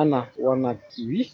ana wanawake